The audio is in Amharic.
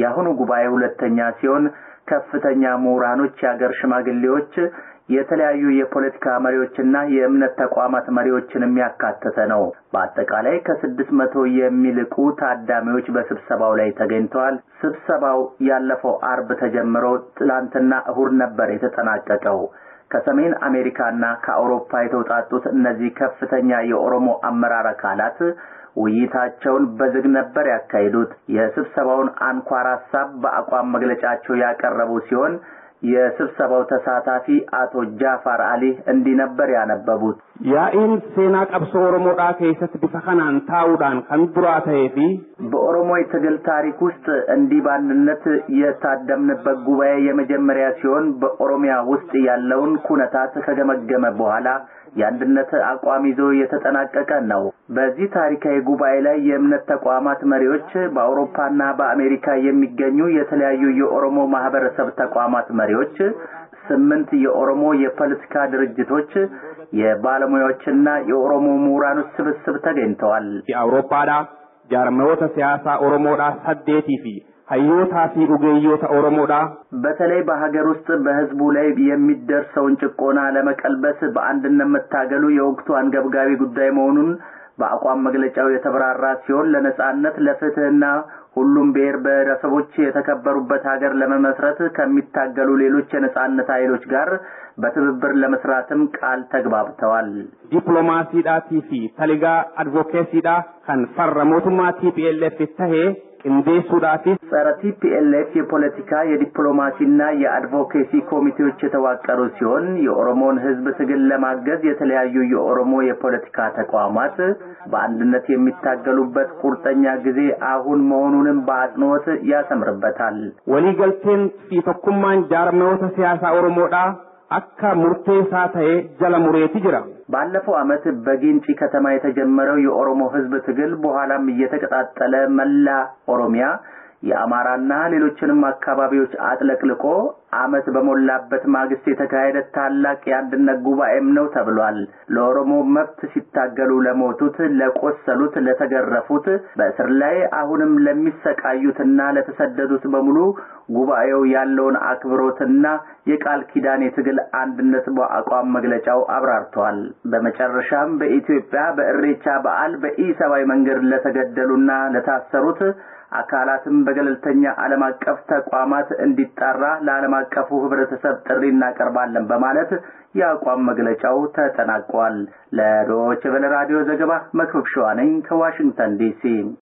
የአሁኑ ጉባኤ ሁለተኛ ሲሆን ከፍተኛ ምሁራኖች፣ የአገር ሽማግሌዎች፣ የተለያዩ የፖለቲካ መሪዎችና የእምነት ተቋማት መሪዎችን የሚያካተተ ነው። በአጠቃላይ ከስድስት መቶ የሚልቁ ታዳሚዎች በስብሰባው ላይ ተገኝተዋል። ስብሰባው ያለፈው አርብ ተጀምሮ ትላንትና እሁድ ነበር የተጠናቀቀው። ከሰሜን አሜሪካና ከአውሮፓ የተውጣጡት እነዚህ ከፍተኛ የኦሮሞ አመራር አካላት ውይይታቸውን በዝግ ነበር ያካሂዱት። የስብሰባውን አንኳር ሀሳብ በአቋም መግለጫቸው ያቀረቡ ሲሆን የስብሰባው ተሳታፊ አቶ ጃፋር አሊ እንዲህ ነበር ያነበቡት። Yaa'iin seenaa qabsoo oromoodhaa keessatti bifa kanaan taa'uudhaan kan duraa ta'ee fi በኦሮሞ የትግል ታሪክ ውስጥ እንዲህ ባንድነት የታደምንበት ጉባኤ የመጀመሪያ ሲሆን በኦሮሚያ ውስጥ ያለውን ኩነታት ከገመገመ በኋላ የአንድነት አቋም ይዞ የተጠናቀቀ ነው። በዚህ ታሪካዊ ጉባኤ ላይ የእምነት ተቋማት መሪዎች፣ በአውሮፓና በአሜሪካ የሚገኙ የተለያዩ የኦሮሞ ማህበረሰብ ተቋማት መሪዎች፣ ስምንት የኦሮሞ የፖለቲካ ድርጅቶች የባለሙያዎችና የኦሮሞ ምሁራኖች ስብስብ ተገኝተዋል። የአውሮፓዳ ጃርመዎተ ሲያሳ ኦሮሞዳ ሰዴቲፊ ሀዮታ ፊ ኡጌዮታ ኦሮሞዳ በተለይ በሀገር ውስጥ በህዝቡ ላይ የሚደርሰውን ጭቆና ለመቀልበስ በአንድነት መታገሉ የወቅቱ አንገብጋቢ ጉዳይ መሆኑን በአቋም መግለጫው የተብራራ ሲሆን ለነጻነት ለፍትህና ሁሉም ብሔር ብሔረሰቦች የተከበሩበት ሀገር ለመመስረት ከሚታገሉ ሌሎች የነጻነት ኃይሎች ጋር በትብብር ለመስራትም ቃል ተግባብተዋል። ዲፕሎማሲዳ ቲፊ ተሊጋ ዳ ከን ፈረ ሞቱማ ቲፒኤልኤፍ ተሄ እንዴሱራፊስ ጸረ ቲፒኤልኤፍ የፖለቲካ የዲፕሎማሲና የአድቮኬሲ ኮሚቴዎች የተዋቀሩ ሲሆን የኦሮሞን ህዝብ ትግል ለማገዝ የተለያዩ የኦሮሞ የፖለቲካ ተቋማት በአንድነት የሚታገሉበት ቁርጠኛ ጊዜ አሁን መሆኑንም በአጽንኦት ያሰምርበታል። ወሊገልቴን ፊ ቶኩማን ሲያሳ ኦሮሞዳ akka murteessaa ta'ee jala mureeti jira። ባለፈው ዓመት በጊንጪ ከተማ የተጀመረው የኦሮሞ ሕዝብ ትግል በኋላም እየተቀጣጠለ መላ ኦሮሚያ የአማራና ሌሎችንም አካባቢዎች አጥለቅልቆ ዓመት በሞላበት ማግስት የተካሄደ ታላቅ የአንድነት ጉባኤም ነው ተብሏል። ለኦሮሞ መብት ሲታገሉ ለሞቱት፣ ለቆሰሉት፣ ለተገረፉት፣ በእስር ላይ አሁንም ለሚሰቃዩትና ለተሰደዱት በሙሉ ጉባኤው ያለውን አክብሮትና የቃል ኪዳን የትግል አንድነት በአቋም መግለጫው አብራርተዋል። በመጨረሻም በኢትዮጵያ በእሬቻ በዓል በኢሰብአዊ መንገድ ለተገደሉና ለታሰሩት አካላትም በገለልተኛ ዓለም አቀፍ ተቋማት እንዲጣራ ለዓለም አቀፉ ህብረተሰብ ጥሪ እናቀርባለን በማለት የአቋም መግለጫው ተጠናቋል። ለዶይቼ ቬለ ራዲዮ ዘገባ መክብብ ነኝ ከዋሽንግተን ዲሲ